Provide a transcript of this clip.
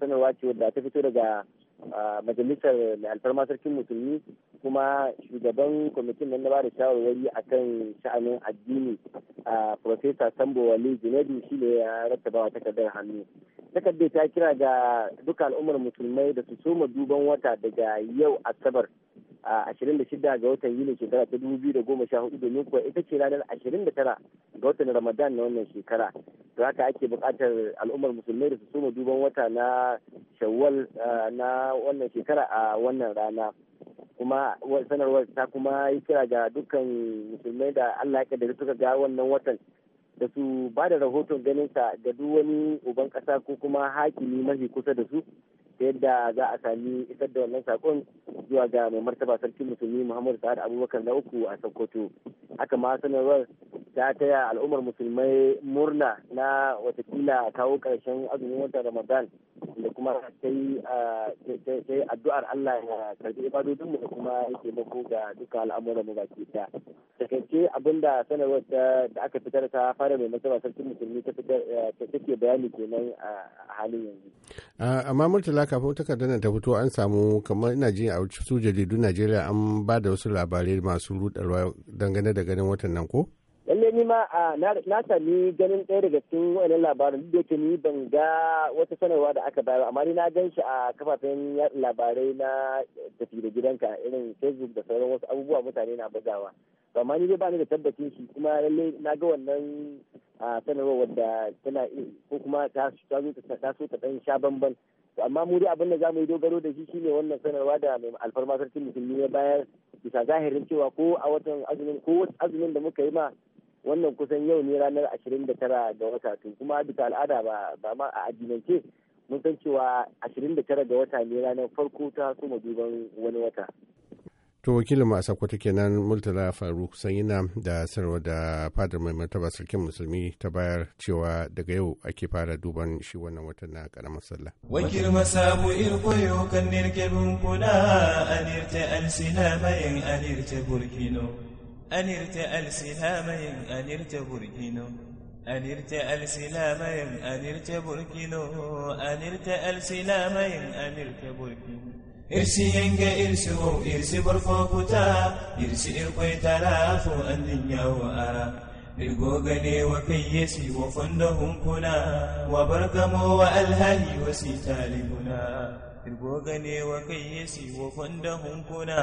sanarwa ce wadda ta fito daga majalisar alfarma sarkin musulmi kuma shugaban kwamitin nan na ba da shawarwari a kan sha'anin addini a profesa sambo wali junaidu shi ne ya ratabawa takardar hannu takardar ta kira ga duka al'ummar musulmai da su soma duban wata daga yau asabar a 26 ga watan yuli shekara ta 2014 domin kuwa ita ce ranar 29 ga watan ramadan na wannan shekara to haka ake bukatar al'ummar musulmai da su soma duban wata na shawwal na wannan shekara a wannan rana kuma sanarwar ta kuma yi kira ga dukkan musulmai da allah ya da suka ga wannan watan da su ba da rahoton ganin ganinsa ga duk wani uban ƙasa ko kuma hakimi mafi kusa da su ta yadda za a sami isar da wannan sakon zuwa ga mai martaba sarkin musulmi muhammadu sa'ad abubakar na uku a sokoto haka ma sanarwar ta taya al'ummar musulmai murna na watakila kawo karshen azumin wata ramadan da kuma ta yi addu'ar allah ya karbi mu da kuma yake mako ga duka al'amuran mu baki ɗaya takaice abinda sanarwar da aka fitar ta fara mai martaba sarki musulmi ta fitar eh, take bayani kenan a halin yanzu amma murtala kafin takardar nan ta fito an samu kamar ina ji a su jaridu najeriya an ba da wasu labarai masu rudarwa dangane da ganin watan nan ko lalle ni ma na sami ganin ɗaya daga cikin wa'annan labaran duk da yake ni ban ga wata sanarwa da aka bayar amma ni na gan shi a kafafen labarai na tafi da gidanka irin facebook da sauran wasu abubuwa mutane na bugawa amma ni dai ba ni da tabbacin shi kuma lalle na ga wannan sanarwar wadda tana ko kuma ta zo ta so ta dan sha bamban to amma mu dai abin da zamu yi dogaro da shi shine wannan sanarwa da mai alfarma sarkin musulmi ya bayar bisa zahirin cewa ko a watan azumin ko azumin da muka yi ma wannan kusan yau ne ranar ashirin da tara ga wata to kuma bisa al'ada ba ba ma a addinance mun san cewa ashirin da tara ga wata ne ranar farko ta soma duban wani wata to wakilin masu kwata kenan murtala faruk sanyina da sarwa da fadar mai martaba sarkin musulmi ta bayar cewa daga yau ake fara duban shi wannan watan na karamar sallah wakil masabu koyo kan nirke bunkuna anirte alsina mayin anirte burkino anirte alsina mayin anirte burkino anirte alsina mayin anirte burkino anirte alsina mayin anirte burkino إرسي ينجا إرسي هو إرسي برفوكتا إرسي إرقوي تلافو أن دنيا وآ بالقوغلي وكيسي وفندهم كنا وبرقمو وألهلي وسيتالي هنا بالقوغلي وكيسي وفندهم كنا